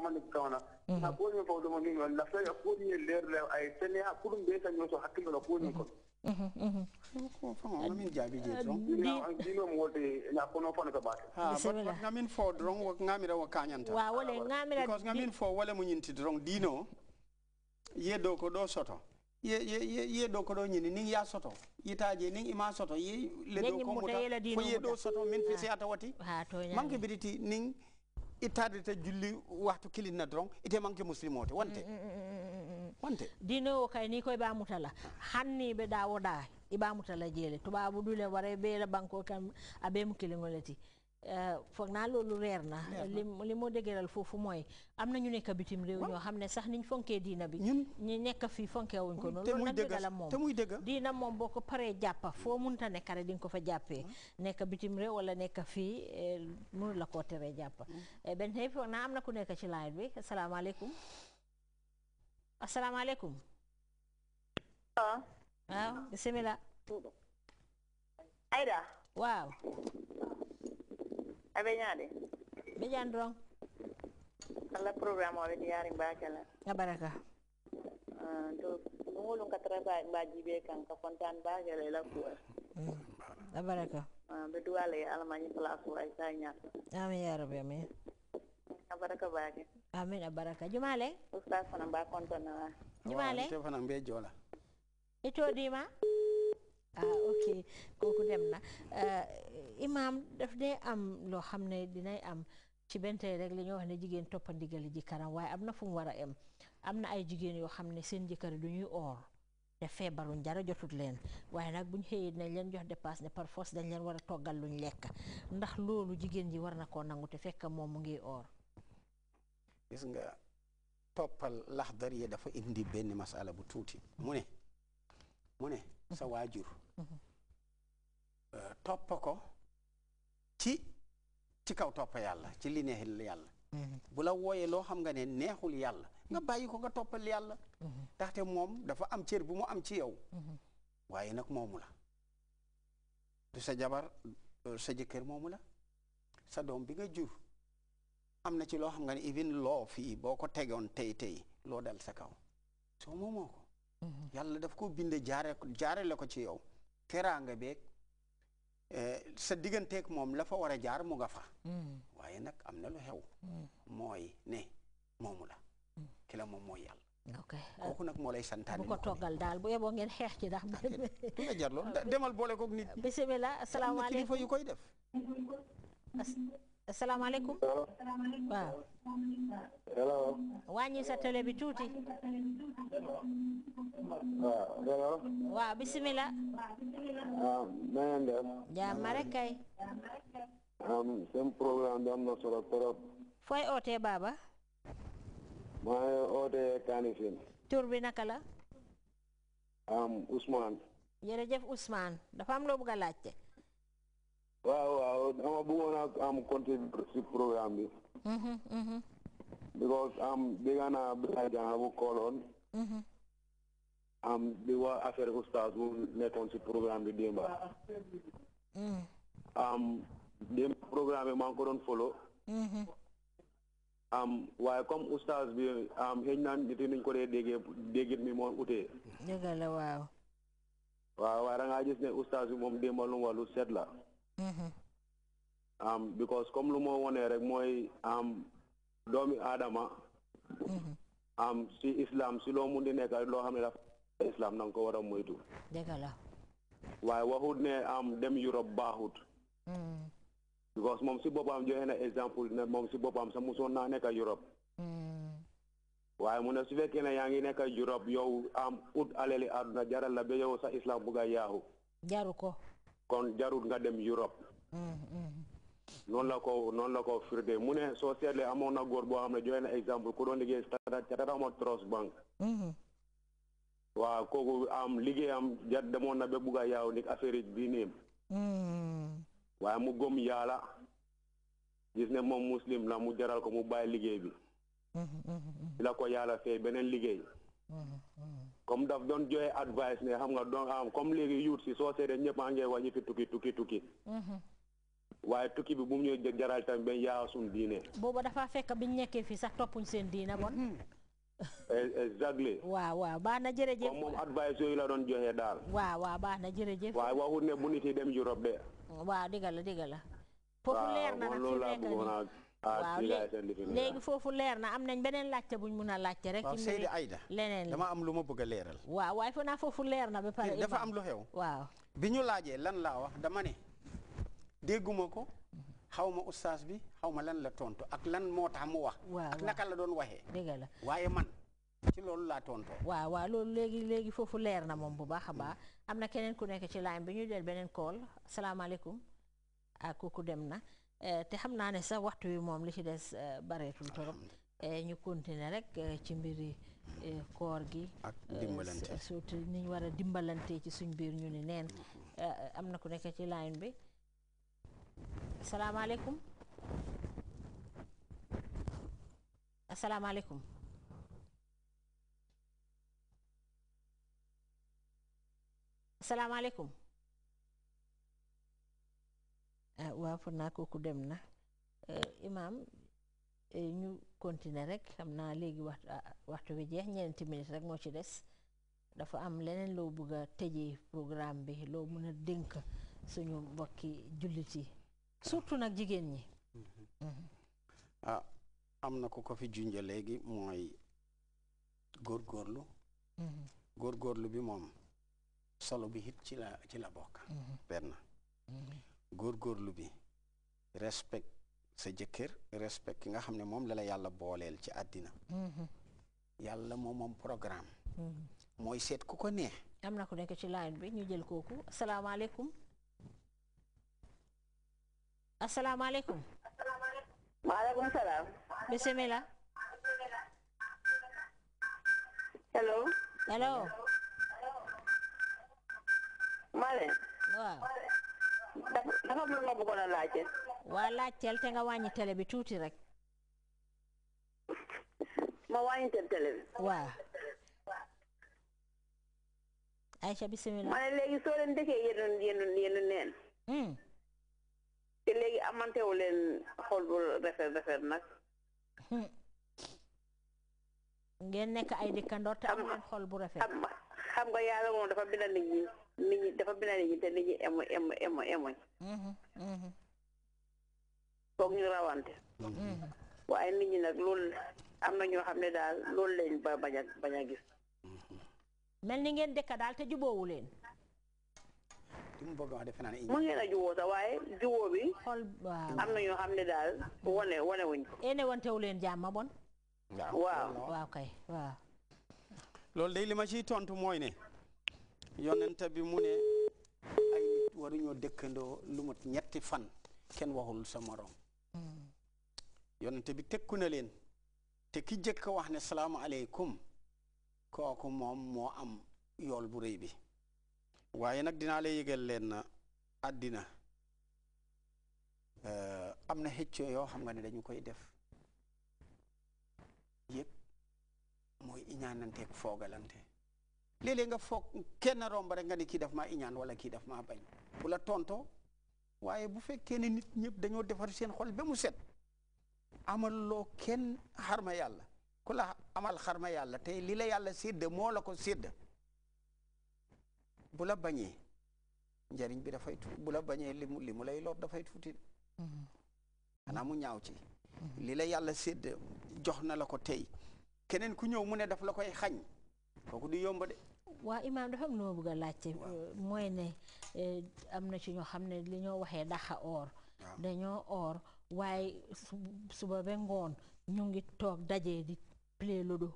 kuma ni kawana mm-hmm. na ko ni fa do mo ni la fa ko ni ler le ay tene ha kulum be tan yo so hakkilo la ko ni ko ngamin jaabi je dron dino mode na kono fon ka bate ha but ngamin fo dron wo ngamira wo kanyanta wa wala ngamira because ngamin ye do soto ye ye ye ye do ko soto yitaje ning ima soto ye le do muta fo ye do soto min fi se atawati manke biditi ning itadata julli waxtu kilinna dron ite manke muslimote wonte mm, mm, mm, wonte dino o kay ni koye bamutala ah. hanni ɓe ɗawoɗa e bamutala jeele tubabu dule wara beela banko kam aɓe mo kilingoleti Eh, foog naa loolu leer na li li moo dëgëral foofu mooy am na ñu nekk bitim réew ñoo xam ne sax niñ fonkee diina bi ñi nekk fii fonkee ko noonu loolu nag dëgg la moom te muy dëgg diina moom boo ko paree jàppa foo munta nekk rek di nga ko fa jàppee nekk bitim réew wala nekk fii eh, mënu la koo teree jàppa eh, benn tey foog naa am na ku nekk ci laaj bi asalaamaaleykum asalaamaaleykum ah. waaw bisimilah Aida waaw a ɓe ñaaɗe mi jan dron allah programme o weɗi yaari mbakela abaraka ah, to ɗumolum ka travail mba jiiɓe kan ka fontane mbakela e lakkuwar mm, abaraka ɓe ah, duwala e alamañi place o ay sa ñatta amin yarabi amin abaraka baake amin abaraka jumale oustas fana mba contanawa jumale fana mbe joola itoɗima ah ok kooku dem na eh, imaam daf dee am loo xam ne dinay am ci bentey rek li ñoo wax ne jigéen toppa ndigali jëkkëram waaye am na fu mu war a em am na ay jigéen yoo xam ne seen jëkkër du ñuy oor te feebaruñ dara jotut leen waaye nag buñ xëyee dinañ leen jox dépasse ne par force dañ leen war a toggal luñ lekk ndax loolu jigéen ji war na koo nangu te fekk moom mu ngi oor gis nga toppal laxdar yi dafa indi benn masala bu tuuti mu ne mu ne sa waa jur euh, topp ko ci ci kaw topp yàlla ci li neexil yàlla mm-hmm. bu la wooyee loo xam nga ne neexul yàlla nga mm-hmm. bàyyi ko nga toppal yàlla taxte mm-hmm. moom dafa am cër bu mu am ci yow waaye nag moomu la du sa jabar euh, sa jëkkër moomu la sa doom bi nga jur am na ci loo xam nga ne even loo fii boo ko tegoon tey tey loo dal sa kaw soo moomoo ko yàlla daf ko bind jaare jaare la ko ci yow teraanga beeg eh, sa digganteeg moom la fa war a jaar mu nga fa mm. waaye nag am na lu xew mm. mooy ne moomu la mm. ki la moom mooy yàlla kooku nag moo lay santaane bu ko toggal daal bu yeboo ngeen xeex ci ndax du la jar demal boole koog nit bisimilah asalaamaaleykum kilifa yu koy def asalaamaaleykum waaw wàññi sa télé bi tuuti waaw hello na ngeen def jàmm rek kay seen programme bi na solo trop fooy ootee baaba maa ngi ootee Kanifing tur bi naka la Ousmane jërëjëf Ousmane dafa am loo bëgg a laajte waaw waaw dama am contribuer si programme bi. Mhm, mhm. because am um, dégg naa Abdoulaye Jana bu kooloon. am di waa affaire oustaz bu nekkoon si programme bi démba. Mhm. am programme bi maa ngi ko doon folo. am waaye comme oustaz bi am xëy na nit ko dee déggee déggit mi moo utee. waaw. waaye da ngaa ne oustaz bi moom démba lu mu set la. am mm-hmm. um, because comme lu moo wonee rek mooy um, doomi aadama am mm-hmm. um, si islaam si loo mun di nekk loo xam ne dafa islam na nga ko war a moytu dëgg waaye waxut ne am dem Europe baaxut mm-hmm. because moom si boppam joxe na exemple ne moom si boppam sa musoon naa nekk Europe waaye mu ne su fekkee ne yaa ngi nekka Europe yow am ut alali àdduna jaral la ba yow sa islam bugg a yaaxu jaru ko kon jarul nga dem Europe mm-hmm. noonu la ko noonu la ko mu ne soo seetlee amoon na góor boo xam ne joxe na exemple ku doon liggéey ca Tatamo Trust Bank mm-hmm. waaw kooku am liggéeyam jar demoon na ba bugg a yaaw nit affaire bi néem mm-hmm. waaye mu gëm yàlla gis ne moom muslim la mu jaral ko mu bàyyi liggéey bi ci la ko yàlla beneen liggéey comme daf doon joxe advice ne xam nga donc comme léegi yuut si soo seetee ñëpp a ngi wàññi fi tukki tukki tukki. Mhm. waaye tukki bi bu mu ñëwee jaral tamit ba yaa suñ diine. booba dafa fekk bi ñu nekkee fii sax toppuñ seen diina bon. Mhm. exactly waaw waaw baax na jërëjëf. comme moom advice yooyu la doon joxe daal. waaw waaw baax na jërëjëf. waaye waxut ne bu nit yi dem Europe de. waaw dëgg la dëgg la. foofu leer na nag fi nekk Ah, waaw léegi foofu leer na am nañ beneen laajte ñu mun a laajte rek. ci mbiri Ayda leneen dama am lu ma bëgg a leeral. waaw waaye foofu naa foofu leer na ba pare. dafa am lu xew. waaw bi ñu laajee lan laa wax dama ne dégguma ko xaw ma ustaas bi xaw ma lan la tontu ak lan moo tax mu wax. ak naka la doon waxee. dëgg la waaye man ci loolu laa tontoo. waaw waaw loolu léegi léegi foofu leer na moom bu baax a baax am na keneen ku nekk ci line bi ñu dee beneen call asalaamaaleykum ak ah, kooku dem na. Eh, te xam naa ne sax waxtu wi moom li ci des eh, bareetul torop eh, ñu continuer rek ci mbiri koor gi ak niñ surtout ni war a dimbalante ci suñ biir ñu ni neen am na ku nekk ci line bi asalaamaaleykum asalaamaaleykum asalaamaaleykum Eh, waa waaw foog naa kooku dem na eh, imaam eh, ñu continuer rekk xam naa léegi ah, waxtu waxtu bi jeex ñeenti minutes rek moo ci des dafa am leneen loo bëgg a tëjee programme bi loo mën a dénk suñu mbokki jullit yi surtout nag jigéen ñi. Mm-hmm. ah am na ku ko fi junja léegi mooy góorgóorlu. Mm-hmm. góorgóorlu bi moom solo bi it ci la ci la bokk. Mm-hmm. benn. góorlu bi respect sa jëkkër respect ki nga xam ne moom la la yàlla booleel ci àddina mm-hmm. yàlla moom moom programme mm-hmm. mooy seet ku ko neex am na ku nekk ci line bi ñu jël kooku asalaamaaleykum asalaamaaleykum maaleykum salaam bisimila hello hello malen waaw dafa am lu ma bëggoon a laajte. waa laajteel te nga wàññi télé bi tuuti rek. ma wàññi télé bi. waaw. Aïcha bisimilah. ma ne léegi soo leen dëkkee yéen yéen yéen neen. Hmm. te léegi amantewu leen xol bu rafet rafet nag. Hmm. ngeen nekk ay dëkkandoor te am leen xol bu rafet. xam nga yàlla moom dafa bind nit ñi. nit ñi dafa bina nit ñi te nit ñi emu emu emu foog ñu rawante mm-hmm. waaye nit ñi nag loolu am na ñoo xam ne daal loolu lañ bañ a bañ a gis mm-hmm. mel ni ngeen dëkka daal te jubóowu leen mën ngeen a jubóo sax waaye jubóo bi am na ñoo xam ne daal wane wane wuñ ko ene wantewu leen jàmm bon waaw waaw kay waaw loolu day li ma ciy tontu mooy ne yonent bi mu ne ay nit waruñoo dëkkandoo lu ñetti fan kenn waxul sa moroom yonent bi tekku na leen te ki jëkk wax ne salaamaaleykum kooku moom moo am yool bu rëy bi waaye nag dinaa la yëgal leen na àddina eh, am na xëccoo yoo xam nga ne dañu koy def yëg mooy iñaananteeg foogalante léeg nga foog kenn romb nga ne kii daf maa iñaan wala kii daf maa bañ bu la waaye bu fekkee ne nit ñëpp dañoo defar seen xol ba mu set amal loo kenn xarma yàlla ku amal xarma yàlla tey li la yàlla sédd moo la ko sédd bu la bañee bi dafay bañee li mu lay lor dafay tuuti xanaa mu ñaaw ci li la yàlla sédd jox na la ko tey keneen ku ñëw mu ne daf la koy xañ kooku du yomb de waa imaam dafa am lu bëgg a laajte. Euh, mooy ne euh, am na ci ñoo xam ne li ñoo waxee daxa oor. dañoo oor waaye suba ba ngoon ñu ngi toog daje di play lodo.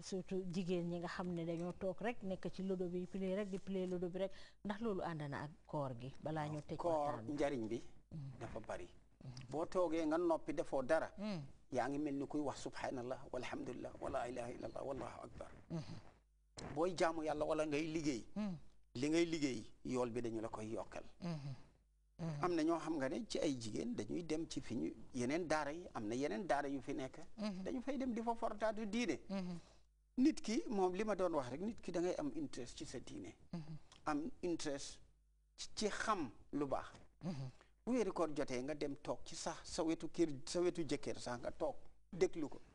surtout jigéen ñi nga xam ne dañoo toog rek nekk ci lodo bi play rek di play lodo bi rek ndax loolu ànd na ak koor gi. balaa ñu tëj koor njariñ bi. Mm. dafa bari. boo toogee nga noppi defoo dara. Mm. yaa ngi mel ni kuy wax subhanallah walhamdulillah wala ilaha illallah wallahu akbar mm-hmm. booy jaamu yàlla wala ngay liggéey hmm. li ngay liggéey yool bi dañu la koy yokkal hmm, hmm, am na ñoo xam nga ne ci ay jigéen dañuy dem ci fi ñu yeneen daara yi am na yeneen daara yu fi nekk dañu fay dem di fa fortaatu diine nit ki moom li ma doon wax rek nit ki da ngay am interest ci sa diine am interest ci xam lu baax bu weeri koor jotee nga dem toog ci sax sa wetu kër sa wetu jëkkër sax nga toog déglu ko